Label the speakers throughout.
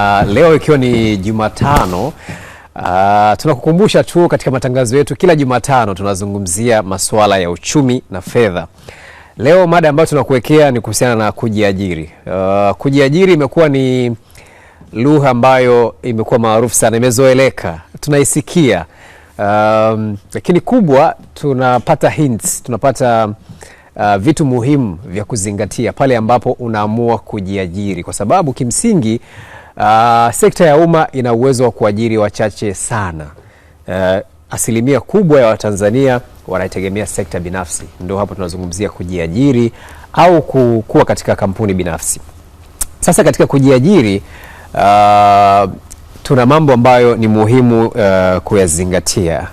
Speaker 1: Uh, leo ikiwa ni Jumatano uh, tunakukumbusha tu katika matangazo yetu kila Jumatano tunazungumzia masuala ya uchumi na fedha. Leo mada ambayo tunakuwekea ni kuhusiana na kujiajiri. Uh, kujiajiri imekuwa ni lugha ambayo imekuwa maarufu sana, imezoeleka, tunaisikia um, lakini kubwa tunapata hints, tunapata Uh, vitu muhimu vya kuzingatia pale ambapo unaamua kujiajiri kwa sababu kimsingi Uh, sekta ya umma ina uwezo wa kuajiri wachache sana. Uh, asilimia kubwa ya Watanzania wanaitegemea sekta binafsi. Ndio hapo tunazungumzia kujiajiri au kuwa katika kampuni binafsi. Sasa katika kujiajiri uh, tuna mambo ambayo ni muhimu uh, kuyazingatia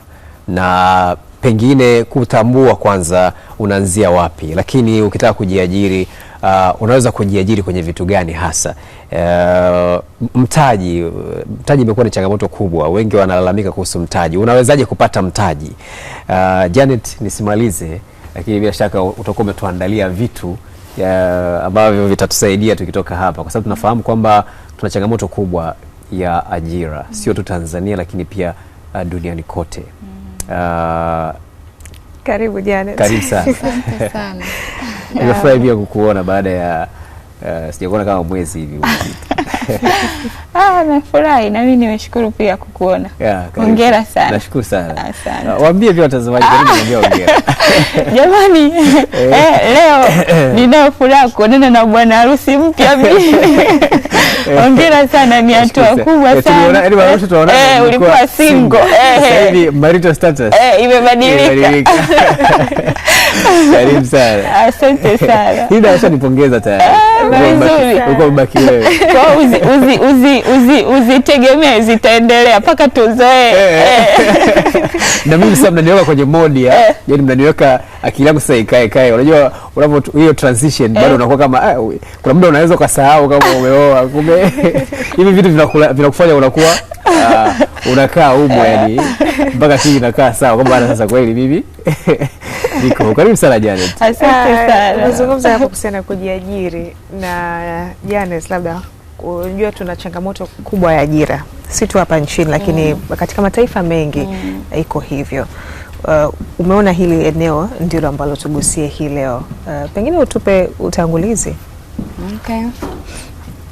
Speaker 1: na pengine kutambua kwanza unaanzia wapi, lakini ukitaka kujiajiri uh, unaweza kujiajiri kwenye vitu gani hasa? Uh, mtaji mtaji imekuwa ni changamoto kubwa, wengi wanalalamika kuhusu mtaji. Unawezaje kupata mtaji? Uh, Janet, nisimalize, lakini bila shaka utakuwa umetuandalia vitu uh, ambavyo vitatusaidia tukitoka hapa, kwa sababu tunafahamu kwamba tuna changamoto kubwa ya ajira mm. sio tu Tanzania lakini pia uh, duniani kote. Mm. Uh,
Speaker 2: karibu Janet. Karibu sana.
Speaker 1: Nimefurahi pia kukuona baada ya Eh, sijakuona kama mwezi hivi
Speaker 2: ah, nafurahi na mimi nimeshukuru pia kukuona. Hongera yeah, sana.
Speaker 1: Nashukuru sana. Asante. Ah, waambie pia watazamaji hongera. Ah,
Speaker 2: jamani, eh, eh leo ninayo furaha kuonana na bwana harusi mpya mimi. Eh. Hongera sana, ni hatua kubwa sana.
Speaker 1: Yaani
Speaker 2: eh, ulikuwa single. Sasa
Speaker 1: hivi marital status.
Speaker 2: Eh, imebadilika.
Speaker 1: Karibu sana.
Speaker 2: Asante sana.
Speaker 1: Hii ndio nipongeza tayari. Ah,
Speaker 2: uzitegemee zitaendelea mpaka tuzoee. Eh. Eh.
Speaker 1: Na mimi sasa mnaniweka kwenye modi ya eh. yani, mnaniweka akili yangu sasa ikae kae. Unajua unapo hiyo transition bado unakuwa kama ah, kuna muda unaweza ukasahau kama umeoa, kumbe hivi vitu vinakufanya unakuwa uh, unakaa humo eh. yani mpaka kii inakaa sawa kwamba ana sasa kweli mimi niko karibu sana Janet.
Speaker 2: Asante sana.
Speaker 3: Nazungumza hapo kuhusiana kujiajiri na Janet, labda unajua tuna changamoto kubwa ya ajira si tu hapa nchini lakini mm. katika mataifa mengi mm. iko hivyo. Uh, umeona hili eneo ndilo ambalo tugusie hii leo. Uh, pengine utupe utangulizi. Okay.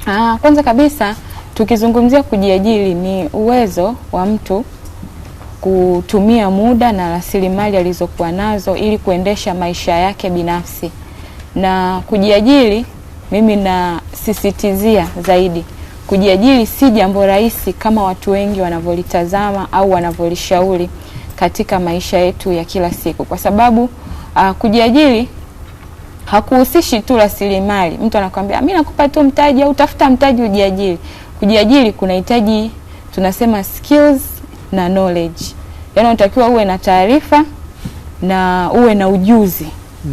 Speaker 2: Ah, kwanza kabisa Tukizungumzia kujiajiri ni uwezo wa mtu kutumia muda na rasilimali alizokuwa nazo ili kuendesha maisha yake binafsi. Na kujiajiri, mimi nasisitizia zaidi, kujiajiri si jambo rahisi kama watu wengi wanavyolitazama au wanavyolishauri katika maisha yetu ya kila siku, kwa sababu uh, kujiajiri hakuhusishi tu rasilimali. Mtu anakwambia ah, mi nakupa tu mtaji au tafuta mtaji ujiajiri kujiajiri kunahitaji tunasema skills na knowledge, yaani unatakiwa uwe na taarifa na uwe na ujuzi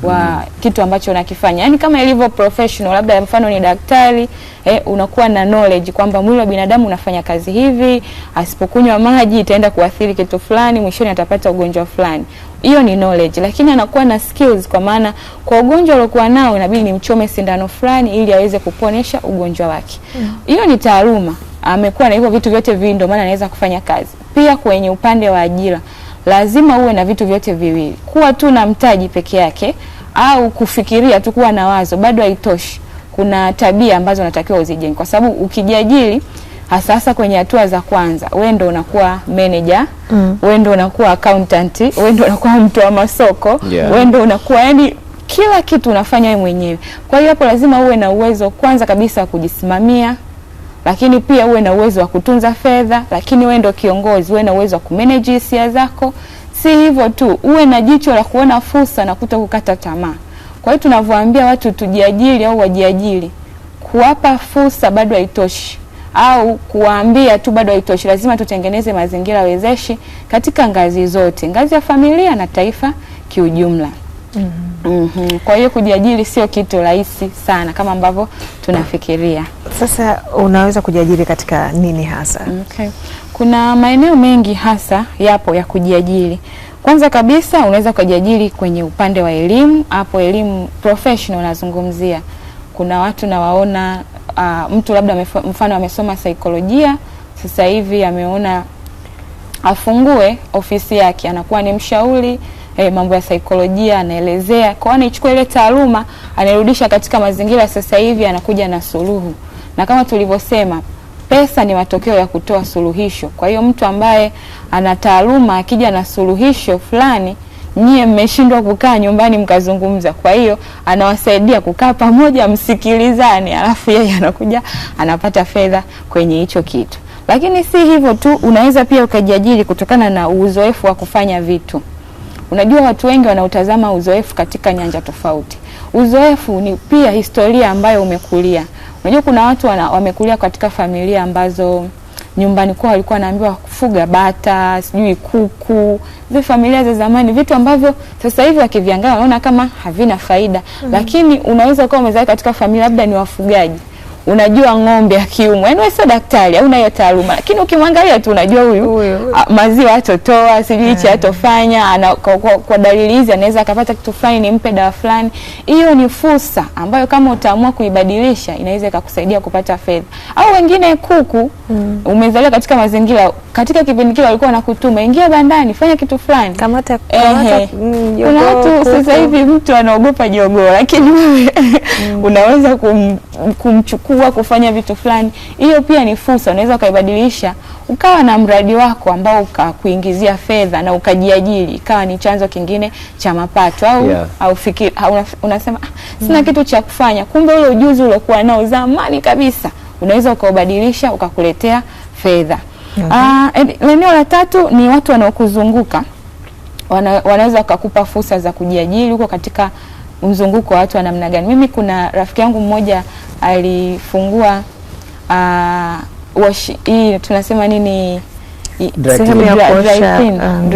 Speaker 2: wa mhm. kitu ambacho unakifanya, yaani kama ilivyo professional, labda mfano ni daktari eh, unakuwa na knowledge kwamba mwili wa binadamu unafanya kazi hivi, asipokunywa maji itaenda kuathiri kitu fulani, mwishoni atapata ugonjwa fulani. Hiyo ni knowledge, lakini anakuwa na skills, kwa maana kwa ugonjwa aliokuwa nao inabidi nimchome sindano fulani ili aweze kuponesha ugonjwa wake. Mm. Hiyo mm -hmm. ni taaluma, amekuwa na hivyo vitu vyote vingi, ndio maana anaweza kufanya kazi. Pia kwenye upande wa ajira lazima uwe na vitu vyote viwili. Kuwa tu na mtaji peke yake au kufikiria tu, kuwa na wazo bado haitoshi. Kuna tabia ambazo unatakiwa uzijenge, kwa sababu ukijiajiri hasa hasa kwenye hatua za kwanza, wewe ndio unakuwa manager mm. wewe ndio unakuwa accountant, wewe ndio unakuwa mtu wa masoko yeah. wewe ndio unakuwa yani kila kitu unafanya wewe mwenyewe. Kwa hiyo hapo lazima uwe na uwezo kwanza kabisa wa kujisimamia lakini pia uwe na uwezo wa kutunza fedha, lakini wewe ndio kiongozi, uwe na uwezo wa kumanage hisia zako. Si hivyo tu, uwe na jicho la kuona fursa na kuto kukata tamaa. Kwa hiyo tunavyoambia watu tujiajiri au wajiajiri, kuwapa fursa bado haitoshi, au kuwaambia tu bado haitoshi. Lazima tutengeneze mazingira wezeshi katika ngazi zote, ngazi ya familia na taifa kiujumla. Mm -hmm. Mm -hmm. Kwa hiyo kujiajiri sio kitu rahisi sana kama ambavyo tunafikiria.
Speaker 3: Sasa unaweza kujiajiri katika nini hasa? Okay.
Speaker 2: Kuna maeneo mengi hasa yapo ya kujiajiri. Kwanza kabisa unaweza kujiajiri kwenye upande wa elimu, hapo elimu professional nazungumzia. Kuna watu nawaona uh, mtu labda mfano amesoma saikolojia, sasa hivi ameona afungue ofisi yake, anakuwa ni mshauri eh, mambo ya saikolojia anaelezea. Kwa anaichukua ile taaluma anarudisha katika mazingira sasa hivi, anakuja na suluhu, na kama tulivyosema pesa ni matokeo ya kutoa suluhisho. Kwa hiyo mtu ambaye ana taaluma akija na suluhisho fulani, nyie mmeshindwa kukaa nyumbani mkazungumza, kwa hiyo anawasaidia kukaa pamoja, msikilizane, alafu yeye anakuja anapata fedha kwenye hicho kitu. Lakini si hivyo tu, unaweza pia ukajiajiri kutokana na uzoefu wa kufanya vitu. Unajua, watu wengi wanautazama uzoefu katika nyanja tofauti. Uzoefu ni pia historia ambayo umekulia. Unajua, kuna watu wana, wamekulia katika familia ambazo nyumbani kwao walikuwa wanaambiwa kufuga bata, sijui kuku, zile familia za zamani, vitu ambavyo sasa hivi wakiviangalia wanaona kama havina faida mm -hmm. Lakini unaweza ukawa umezaa katika familia labda ni wafugaji unajua ng'ombe akiumwa, yani wewe sio daktari, au unayo taaluma, lakini ukimwangalia tu unajua huyu ah, maziwa atotoa, sijui hichi mm. atofanya ana, kwa, kwa, kwa dalili hizi anaweza akapata kitu fulani, nimpe dawa fulani. Hiyo ni fursa ambayo kama utaamua kuibadilisha inaweza ikakusaidia kupata fedha. Au wengine kuku mm. umezaliwa katika mazingira, katika kipindi kile walikuwa wanakutuma ingia bandani, fanya kitu fulani,
Speaker 3: kamata, kamata
Speaker 2: kuna watu sasa hivi mtu anaogopa jogoo, lakini wewe mm. unaweza kum kumchukua kufanya vitu fulani, hiyo pia ni fursa, unaweza ukaibadilisha ukawa na mradi wako ambao ukakuingizia fedha na ukajiajiri, ikawa ni chanzo kingine cha mapato au, yeah. au fikiri, unasema ah, sina mm. kitu cha kufanya, kumbe ule ujuzi uliokuwa nao zamani kabisa unaweza ukaubadilisha ukakuletea fedha. Okay. Ah, eneo la tatu ni watu wanaokuzunguka wana, wanaweza wakakupa fursa za kujiajiri huko katika mzunguko wa watu wa namna gani. Mimi kuna rafiki yangu mmoja alifungua uh, hii tunasema nini sehemu ah, yeah. Mm.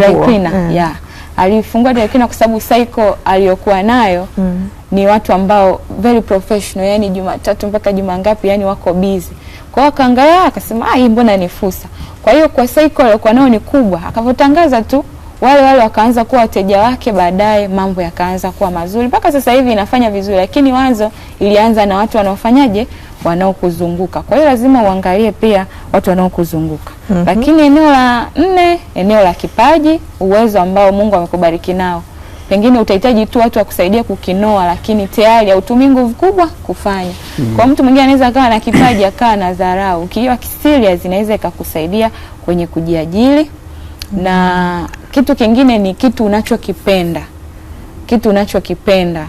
Speaker 2: Alifungua dry cleaner kwa sababu cycle aliyokuwa nayo mm. ni watu ambao very professional, yani Jumatatu mpaka Juma ngapi, yani wako busy. Kwa hiyo akaangalia akasema, ah, hii mbona ni fursa. Kwa hiyo kwa cycle aliyokuwa nayo ni kubwa, akavyotangaza tu wale wale wakaanza kuwa wateja wake, baadaye mambo yakaanza kuwa mazuri mpaka sasa hivi inafanya vizuri, lakini wanzo ilianza na watu wanaofanyaje, wanaokuzunguka. Kwa hiyo lazima uangalie pia watu wanaokuzunguka. mm -hmm. Lakini eneo la nne, eneo la kipaji, uwezo ambao Mungu amekubariki nao pengine utahitaji tu watu wakusaidia kukinoa, lakini tayari hautumii nguvu kubwa kufanya. mm. -hmm. Kwa mtu mwingine anaweza akawa na kipaji akawa na dharau, ukiwa serious inaweza ikakusaidia kwenye kujiajiri na kitu kingine ni kitu unachokipenda, kitu unachokipenda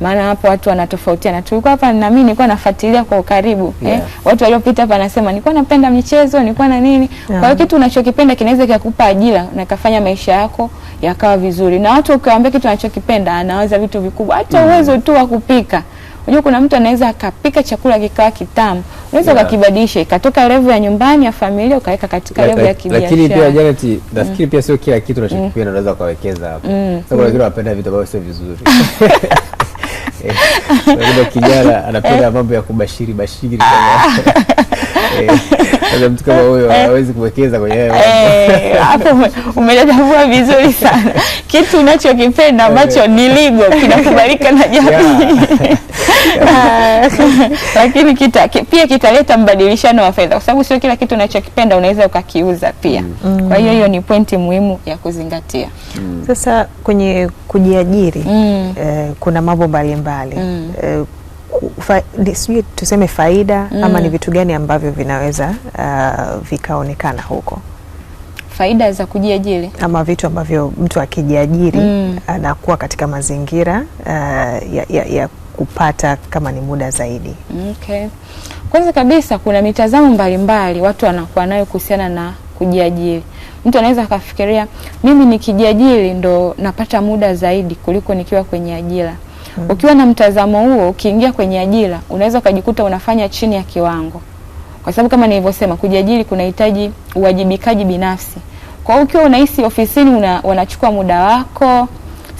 Speaker 2: maana hapo watu wanatofautiana. Tulikuwa hapa na mimi nilikuwa nafuatilia kwa ukaribu eh? yeah. Eh, watu waliopita hapa nasema nilikuwa napenda michezo, nilikuwa na nini yeah. Kwa hiyo kitu unachokipenda kinaweza kikakupa ajira na kafanya maisha yako yakawa vizuri, na watu ukiwaambia kitu unachokipenda anawaza vitu vikubwa, hata mm. uwezo yeah. tu wa kupika Unajua kuna mtu anaweza akapika chakula kikawa kitamu, unaweza yeah, ukakibadilisha ikatoka levu ya nyumbani ya familia ukaweka katika levu ya kibiashara.
Speaker 1: Lakini pia Janet, nafikiri mm. pia sio kila kitu mm. unachokipenda unaweza ukawekeza hapo. Mm. Sasa kuna wengine wanapenda vitu ambavyo sio vizuri. Eh, kijana anapenda mambo ya kubashiri bashiri Eh, mtu kama huyo eh, eh. hawezi kuwekeza kwenye
Speaker 2: hapo. vizuri sana kitu unachokipenda ambacho ni ligo kinakubalika na jamii lakini kita, pia kitaleta mbadilishano wa fedha, kwa sababu sio kila kitu unachokipenda unaweza ukakiuza pia mm. Kwa hiyo hiyo ni pointi muhimu ya kuzingatia
Speaker 3: mm. Sasa kwenye kujiajiri mm. eh, kuna mambo mbalimbali mm. eh, fa, sijui tuseme faida mm. ama ni mm. vitu gani ambavyo vinaweza uh, vikaonekana huko
Speaker 2: faida za kujiajiri
Speaker 3: ama vitu ambavyo mtu akijiajiri mm. anakuwa katika mazingira uh, ya, ya, ya kupata kama ni muda zaidi. Okay.
Speaker 2: Kwanza kabisa kuna mitazamo mbalimbali watu wanakuwa nayo kuhusiana na kujiajiri. Mtu anaweza akafikiria mimi nikijiajiri ndo napata muda zaidi kuliko nikiwa kwenye ajira. Mm. Ukiwa na mtazamo huo, ukiingia kwenye ajira unaweza ukajikuta unafanya chini ya kiwango, kwa sababu kama nilivyosema, kujiajiri kunahitaji uwajibikaji binafsi. Kwa hiyo ukiwa unahisi ofisini una, wanachukua muda wako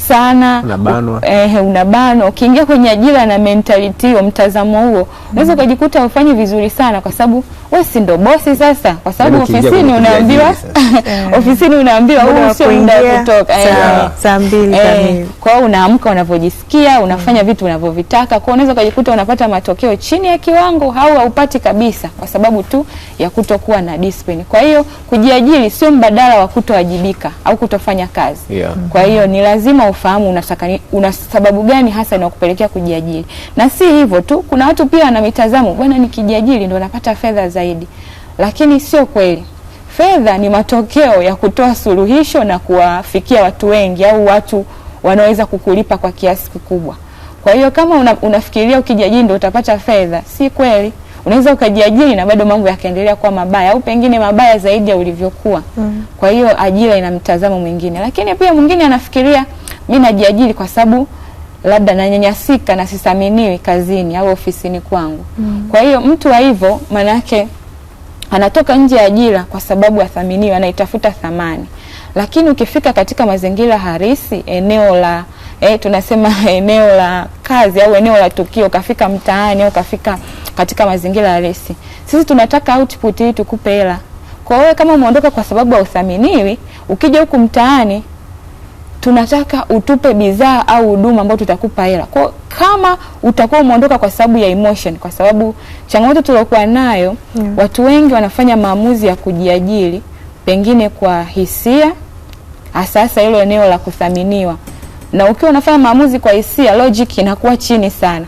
Speaker 2: sana, unabanwa. Ehe, unabanwa. Ukiingia kwenye ajira na mentality hiyo, mtazamo huo, unaweza mm. ukajikuta ufanye vizuri sana, kwa sababu wewe si ndo bosi sasa, kwa sababu yaani eh. ofisini unaambiwa ofisini unaambiwa huu sio muda wa kutoka
Speaker 3: saa eh. mbili eh. kamili.
Speaker 2: Kwa hiyo unaamka unavyojisikia, unafanya mm. vitu unavyovitaka. Kwa hiyo unaweza ukajikuta unapata matokeo chini ya kiwango au haupati kabisa, kwa sababu tu ya kutokuwa na discipline. Kwa hiyo kujiajiri sio mbadala wa kutowajibika au kutofanya kazi yeah. Kwa hiyo ni lazima ufahamu unasakani, una sababu gani hasa inakupelekea kujiajiri. Na si hivyo tu, kuna watu pia wana mitazamo, bwana, nikijiajiri ndo napata fedha zaidi, lakini sio kweli. Fedha ni matokeo ya kutoa suluhisho na kuwafikia watu wengi au watu wanaweza kukulipa kwa kiasi kikubwa. Kwa hiyo kama una, unafikiria ukijiajiri ndo utapata fedha, si kweli. Unaweza ukajiajiri na bado mambo yakaendelea kuwa mabaya au pengine mabaya zaidi ya ulivyokuwa. Mm. Kwa hiyo ajira ina mtazamo mwingine, lakini pia mwingine anafikiria mi najiajiri kwa sababu labda nanyanyasika na sisaminiwi kazini au ofisini kwangu. Mm. Kwa hiyo mtu wa hivyo maana anatoka nje ya ajira kwa sababu athaminiwe, anaitafuta thamani. Lakini ukifika katika mazingira harisi, eneo la e, tunasema eneo la kazi au eneo la tukio, ukafika mtaani au ukafika katika mazingira halisi, sisi tunataka output hii tukupe hela. Kwa hiyo kama umeondoka kwa sababu hauthaminiwi, ukija huku mtaani tunataka utupe bidhaa au huduma ambayo tutakupa hela. Kwa kama utakuwa umeondoka kwa sababu ya emotion, kwa sababu changamoto tuliokuwa nayo yeah. Watu wengi wanafanya maamuzi ya kujiajiri pengine kwa hisia, asasa hilo eneo la kuthaminiwa, na ukiwa unafanya maamuzi kwa hisia, logic inakuwa chini sana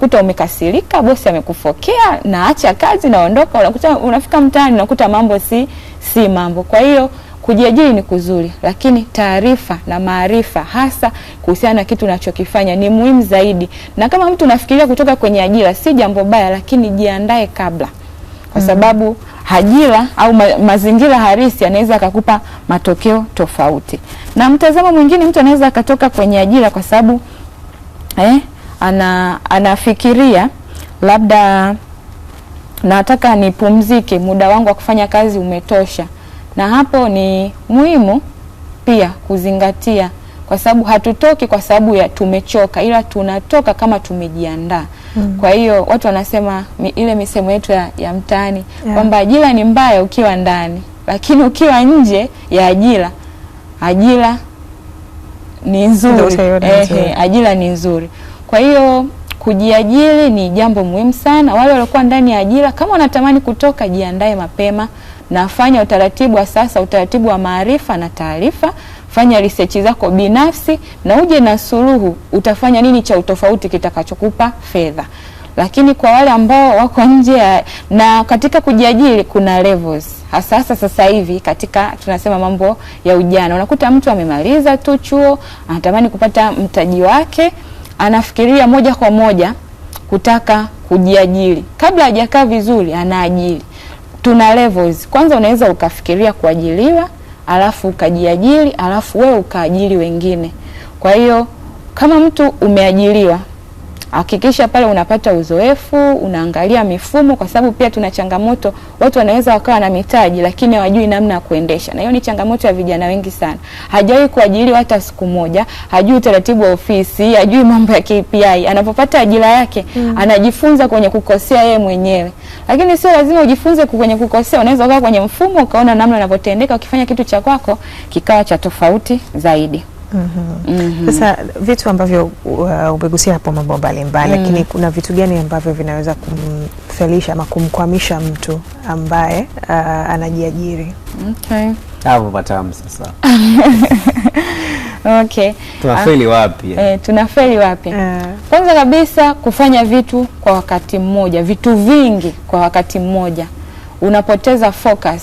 Speaker 2: kuta umekasirika, bosi amekufokea, naacha kazi, naondoka. Unakuta unafika mtaani unakuta mambo si si mambo, kwa hiyo Kujiajiri ni kuzuri, lakini taarifa na maarifa hasa kuhusiana na kitu unachokifanya ni muhimu zaidi. Na kama mtu unafikiria kutoka kwenye ajira, si jambo baya, lakini jiandae kabla, kwa mm. sababu ajira au ma mazingira halisi anaweza akakupa matokeo tofauti. Na mtazamo mwingine, mtu anaweza akatoka kwenye ajira kwa sababu eh, ana anafikiria labda nataka nipumzike, muda wangu wa kufanya kazi umetosha na hapo ni muhimu pia kuzingatia, kwa sababu hatutoki kwa sababu ya tumechoka, ila tunatoka kama tumejiandaa. Mm. Kwa hiyo watu wanasema ile misemo yetu ya, ya mtaani yeah, kwamba ajira ni mbaya ukiwa ndani, lakini ukiwa nje ya ajira ajira ni nzuri. Ehe, ajira ni nzuri. Kwa hiyo kujiajiri ni jambo muhimu sana. Wale waliokuwa ndani ya ajira, kama wanatamani kutoka, jiandae mapema nafanya utaratibu wa sasa, utaratibu wa maarifa na taarifa. Fanya research zako binafsi na uje na suluhu, utafanya nini cha utofauti kitakachokupa fedha. Lakini kwa wale ambao wako nje na katika kujiajiri, kuna levels hasa sasa hivi katika tunasema mambo ya ujana, unakuta mtu amemaliza tu chuo anatamani kupata mtaji wake, anafikiria moja kwa moja kutaka kujiajiri. Kabla hajakaa vizuri, anaajiri tuna levels. Kwanza unaweza ukafikiria kuajiliwa, alafu ukajiajiri, alafu wewe ukaajiri wengine. Kwa hiyo kama mtu umeajiriwa hakikisha pale unapata uzoefu, unaangalia mifumo, kwa sababu pia tuna changamoto, watu wanaweza wakawa na mitaji lakini hawajui namna ya kuendesha, na hiyo ni changamoto ya vijana wengi sana. Hajawahi kuajiriwa hata siku moja, hajui utaratibu wa ofisi, hajui mambo ya KPI. Anapopata ajira yake mm. anajifunza kwenye kukosea yeye mwenyewe, lakini sio lazima ujifunze kwenye kukosea. Unaweza ukawa kwenye mfumo ukaona namna unavyotendeka, ukifanya kitu cha kwako kikawa cha tofauti zaidi. Mm
Speaker 3: -hmm. Mm -hmm. Sasa vitu ambavyo uh, umegusia hapo mambo mbalimbali mm. lakini kuna vitu gani ambavyo vinaweza kumfelisha ama kumkwamisha mtu ambaye uh, anajiajiri?
Speaker 1: Okay. Hapo sasa. Okay. Tunafeli ah, wapi?
Speaker 2: Eh, tunafeli wapi? Uh. Kwanza kabisa kufanya vitu kwa wakati mmoja, vitu vingi kwa wakati mmoja unapoteza focus.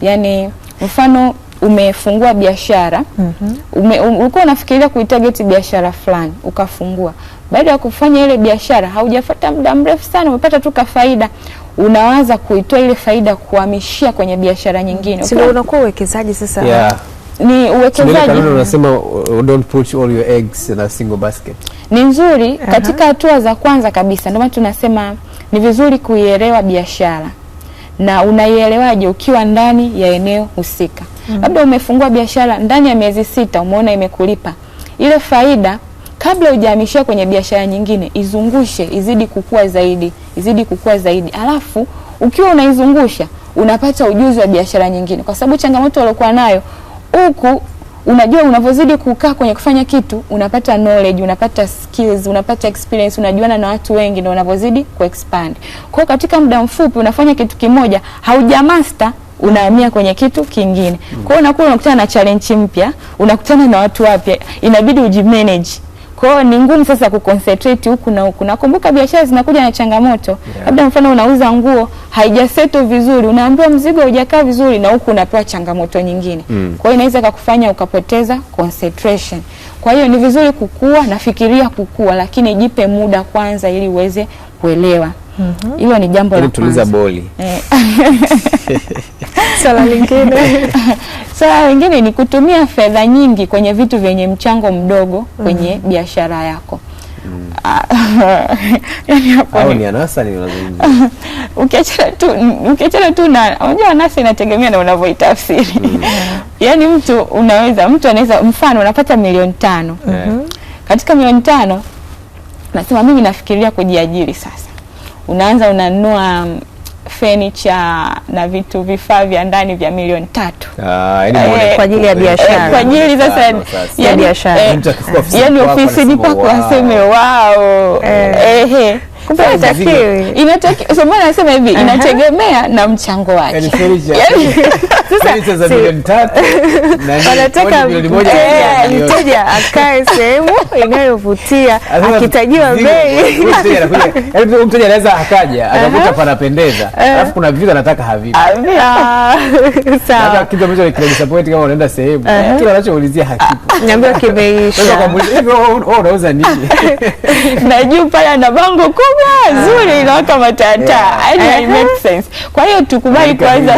Speaker 2: Yaani mfano umefungua biashara mm -hmm. ume, um, ulikuwa unafikiria kuitarget biashara fulani ukafungua. Baada ya kufanya ile biashara, haujafuata muda mrefu sana, umepata tu kafaida, unawaza kuitoa ile faida kuhamishia kwenye biashara nyingine,
Speaker 3: sio? Unakuwa uwekezaji sasa,
Speaker 1: yeah.
Speaker 2: Ni uwekezaji
Speaker 1: unasema, uh, don't put all your eggs in a single basket.
Speaker 2: Ni nzuri uh -huh. Katika hatua za kwanza kabisa, ndio maana tunasema ni vizuri kuielewa biashara na unaielewaje ukiwa ndani ya eneo husika. Mm -hmm. Labda umefungua biashara ndani ya miezi sita, umeona imekulipa ile faida, kabla hujahamishia kwenye biashara nyingine, izungushe izidi kukua zaidi, izidi kukua zaidi, alafu ukiwa unaizungusha unapata ujuzi wa biashara nyingine, kwa sababu changamoto waliokuwa nayo huku unajua unavyozidi kukaa kwenye kufanya kitu unapata knowledge, unapata skills, unapata experience, unajuana na watu wengi, ndio unavyozidi kuexpand. Kwa hiyo katika muda mfupi unafanya kitu kimoja, haujamaster unahamia kwenye kitu kingine. Kwa hiyo unakuwa unakutana na challenge mpya, unakutana na watu wapya, inabidi ujimanage. Kwa hiyo ni ngumu sasa kuconcentrate huku na huku. Nakumbuka biashara zinakuja na changamoto. Labda yeah. Mfano unauza nguo haijaseto vizuri, unaambiwa mzigo haujakaa vizuri na huku unapewa changamoto nyingine. Mm. Kwa hiyo inaweza kukufanya ukapoteza concentration. Kwa hiyo ni vizuri kukua, nafikiria kukua, lakini jipe muda kwanza ili uweze kuelewa. Mm-hmm. hilo ni jambo
Speaker 1: yaani la kwanza boli. Eh.
Speaker 3: Swala lingine
Speaker 2: swala lingine ni kutumia fedha nyingi kwenye vitu vyenye mchango mdogo kwenye mm -hmm. biashara yako ukiachana tu na unajua, anasa inategemea na unavyoitafsiri mm. Yaani mtu unaweza mtu anaweza mfano unapata milioni tano mm -hmm. Katika milioni tano nasema mimi nafikiria kujiajiri sasa unaanza unanunua um, fenicha na vitu vifaa vya ndani vya milioni tatu ah, eh, kwa ajili ya eh, biashara, eh, kwa ajili sasa ya biashara, yaani ofisini pako aseme wao, ehe Kumbe inatakiwi. Yaani inatakiwi. So mbona nasema hivi, inategemea na mchango wake.
Speaker 1: Yaani yaani, sasa
Speaker 2: wanataka mteja akae sehemu inayovutia akitajiwa bei.
Speaker 1: Mteja anaweza akaja akakuta panapendeza, eh. alafu kuna vitu anataka havipo. Ah, Sawa. Kitu ambacho kinadisappoint kama unaenda sehemu, kile anachoulizia hakipo.
Speaker 2: Ah, Niambiwa kimeisha. Unauza nini? Najua pale ana bango kubwa Sawa, ah. zuri inawaka matata. Anyway, it makes uh-huh. sense. Kwa hiyo tukubali kwanza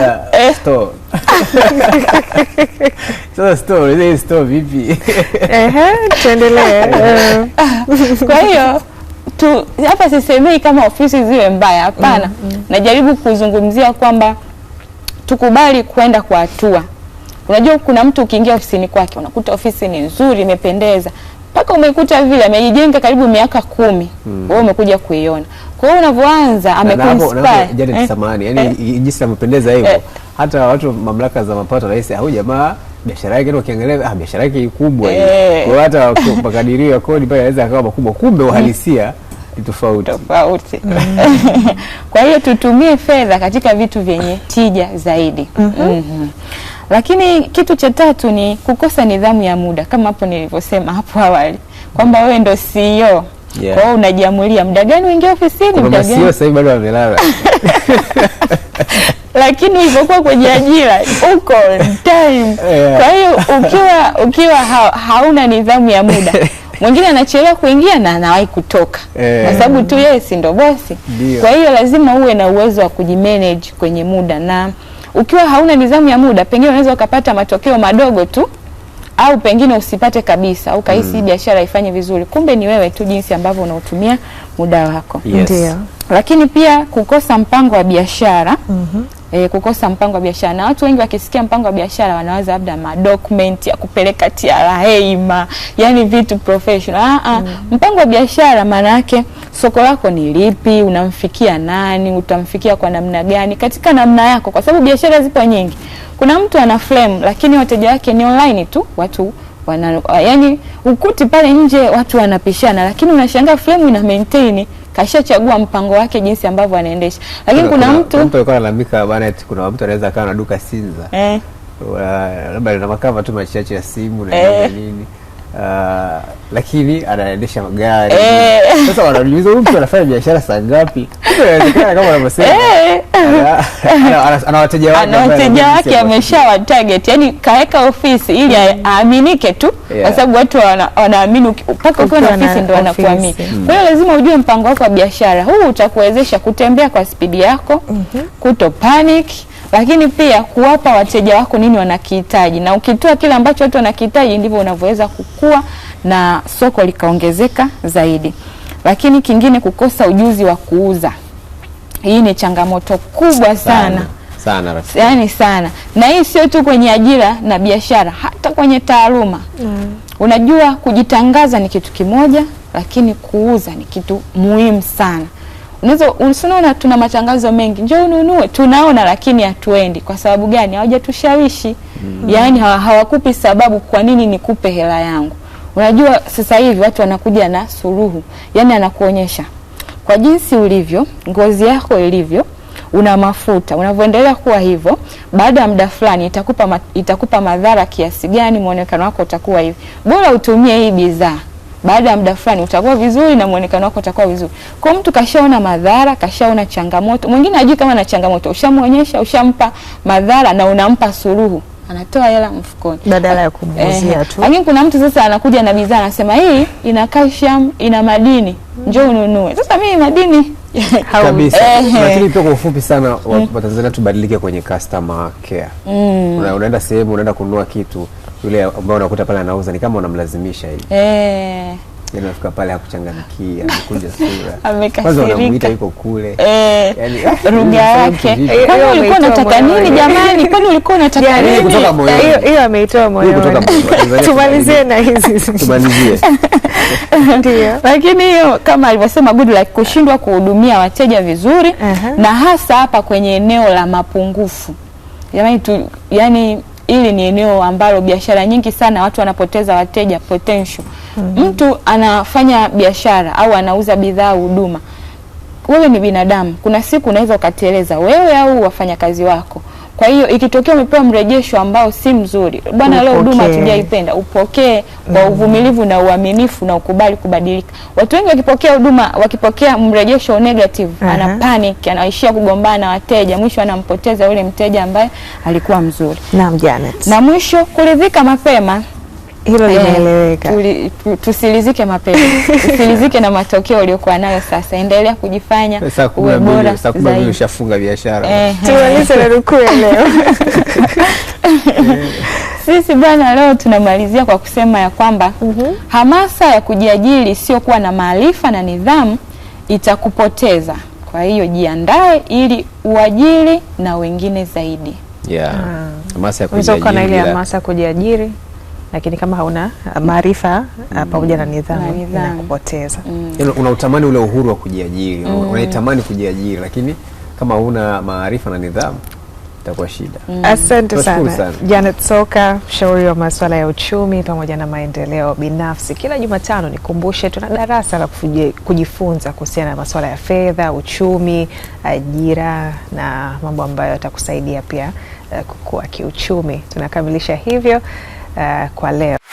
Speaker 1: Sasa eh. store, ile store vipi? Ehe, uh-huh, tuendelee.
Speaker 2: Uh. Kwa hiyo tu hapa sisemei kama ofisi ziwe mbaya, hapana. mm, -hmm. Najaribu kuzungumzia kwamba tukubali kwenda kwa hatua. Unajua kuna mtu ukiingia ofisini kwake unakuta ofisi ni nzuri imependeza mpaka umekuta vile amejijenga karibu miaka kumi mm. wewe umekuja kuiona. Kwa hiyo unavyoanza amekuinspire
Speaker 1: eh? samani yani eh, jinsi amependeza hivyo eh, hata watu mamlaka za mapato rais au jamaa biashara yake ukiangalia, ah, biashara yake kubwa hiyo eh. Kwa hata makadirio ya kodi pale anaweza akawa makubwa, kumbe hmm. uhalisia ni tofauti
Speaker 2: tofauti. Hmm. Kwa hiyo tutumie fedha katika vitu vyenye tija zaidi. mm -hmm. Mm -hmm. Lakini kitu cha tatu ni kukosa nidhamu ya muda, kama hapo nilivyosema hapo awali kwamba wewe ndo CEO Yeah. kwao unajiamulia muda gani uingie ofisini, muda gani
Speaker 1: e sasa bado amelala.
Speaker 2: Lakini ulipokuwa kwenye ajira uko time. Yeah. Kwa hiyo ukiwa ukiwa ha, hauna nidhamu ya muda mwingine anachelewa kuingia na anawahi kutoka yeah. sababu tu yeye si ndo bosi. Kwa hiyo lazima uwe na uwezo wa kujimanage kwenye muda na ukiwa hauna nidhamu ya muda, pengine unaweza ukapata matokeo madogo tu au pengine usipate kabisa au kahisi mm. biashara ifanye vizuri, kumbe ni wewe tu jinsi ambavyo unaotumia muda wako. Yes. Ndio. Lakini pia kukosa mpango wa biashara mm -hmm e, kukosa mpango wa biashara. Na watu wengi wakisikia mpango wa biashara wanawaza labda madokumenti ya kupeleka TRA, heima, yani vitu professional. Ah, ah, mm. Mpango wa biashara maana yake soko lako ni lipi, unamfikia nani, utamfikia kwa namna gani, katika namna yako, kwa sababu biashara zipo nyingi. Kuna mtu ana frame lakini wateja wake ni online tu, watu wana, yani ukuti pale nje watu wanapishana, lakini unashangaa frame ina maintain kashachagua mpango wake jinsi ambavyo anaendesha, lakini kuna, kuna mtu
Speaker 1: mtu alikuwa analalamika bana, eti kuna mtu anaweza akawa na duka Sinza eh, labda lina makava tu machache ya simu na eh. nini Uh, lakini anaendesha magari eh. Sasa wanamuuliza huyu mtu anafanya biashara saa ngapi? kama wanavyosema eh. ana wateja
Speaker 2: wake, ana wateja wake ameshawa target, yani kaweka ofisi ili mm. aaminike tu, kwa sababu watu wanaamini mpaka ukiwa na ofisi ndo wanakuamini. Mm. Kwa hiyo lazima ujue mpango wako wa biashara, huu utakuwezesha kutembea kwa spidi yako, mhm. kuto panic lakini pia kuwapa wateja wako nini wanakihitaji, na ukitoa kile ambacho watu wanakihitaji ndivyo unavyoweza kukua na soko likaongezeka zaidi. Lakini kingine, kukosa ujuzi wa kuuza, hii ni changamoto kubwa sana, sana. Sana, yani sana na hii sio tu kwenye ajira na biashara, hata kwenye taaluma mm. Unajua, kujitangaza ni kitu kimoja, lakini kuuza ni kitu muhimu sana unaona tuna matangazo mengi, njoo ununue, tunaona lakini hatuendi. Kwa sababu gani? Hawajatushawishi mm. Yaani hawakupi sababu, kwa nini nikupe hela yangu? Unajua sasa hivi watu wanakuja na suluhu, yaani anakuonyesha kwa jinsi ulivyo, ngozi yako ilivyo, una mafuta, unavyoendelea kuwa hivyo, baada ya muda fulani itakupa, ma, itakupa madhara kiasi gani, mwonekano wako utakuwa hivi, bora utumie hii bidhaa baada ya muda fulani utakuwa vizuri na muonekano wako utakuwa vizuri. Kwa mtu kashaona madhara, kashaona changamoto. Mwingine ajui kama na changamoto, ushamwonyesha, ushampa madhara na unampa suluhu, anatoa hela mfukoni
Speaker 3: badala ya kumuzia tu.
Speaker 2: Lakini kuna mtu sasa anakuja na bidhaa anasema hii ina calcium, ina madini, njoo ununue. Sasa mimi madini
Speaker 1: kabisa. Lakini pia kwa ufupi sana, Watanzania tubadilike kwenye customer care. Mm. Unaenda sehemu, unaenda kununua kitu yule ambaye unakuta pale anauza ni kama unamlazimisha hivi eh nafika pale hakuchangamkia, amekuja sura, amekasirika, kwanza unamuita yuko kule eh,
Speaker 2: yani lugha yake. Eh, kwani ulikuwa unataka nini jamani? Kwani ulikuwa unataka yaani yaani nini? Kutoka moyoni, hiyo ameitoa moyoni. Tumalizie na hizi, tumalizie ndio. Lakini hiyo kama alivyosema good luck, kushindwa kuhudumia wateja vizuri, na hasa hapa kwenye eneo la mapungufu, jamani tu yani hili ni eneo ambalo biashara nyingi sana watu wanapoteza wateja potential. mm -hmm. Mtu anafanya biashara au anauza bidhaa huduma, wewe ni binadamu, kuna siku unaweza ukateleza wewe au wafanyakazi wako. Kwa hiyo ikitokea umepewa mrejesho ambao si mzuri, bwana, leo huduma hatujaipenda, upokee kwa mm. uvumilivu na uaminifu na ukubali kubadilika. Watu wengi wakipokea huduma, wakipokea mrejesho negative, uh -huh. ana panic, anaishia kugombana na wateja, mwisho anampoteza yule mteja ambaye alikuwa mzuri.
Speaker 3: Naam, Janet.
Speaker 2: Na mwisho kuridhika mapema
Speaker 3: hilo eh, linaeleweka.
Speaker 2: tusilizike mapema tusilizike na matokeo uliokuwa nayo sasa, endelea kujifanya
Speaker 1: uwe bora zaidi. Ushafunga biashara
Speaker 2: tumalize na rukuu leo sisi bwana, leo tunamalizia kwa kusema ya kwamba mhm. hamasa ya kujiajiri isiyokuwa na maarifa na nidhamu itakupoteza. Kwa hiyo jiandae ili uajiri na wengine zaidi. Yeah.
Speaker 3: Ah. Hamasa ya kujiajiri lakini kama hauna eh, maarifa eh, mm. pamoja na nidhamu inakupoteza.
Speaker 1: mm. Yaani Unautamani ule uhuru wa kujiajiri mm. unaitamani kujiajiri, lakini kama huna maarifa na nidhamu itakuwa shida.
Speaker 3: mm. Asante sana, sana. Janet Soka, mshauri wa masuala ya uchumi pamoja na maendeleo binafsi. Kila Jumatano nikumbushe, tuna darasa la kujifunza kuhusiana na masuala ya fedha, uchumi, ajira na mambo ambayo yatakusaidia pia eh, kukua kiuchumi. Tunakamilisha hivyo. Eh, qual é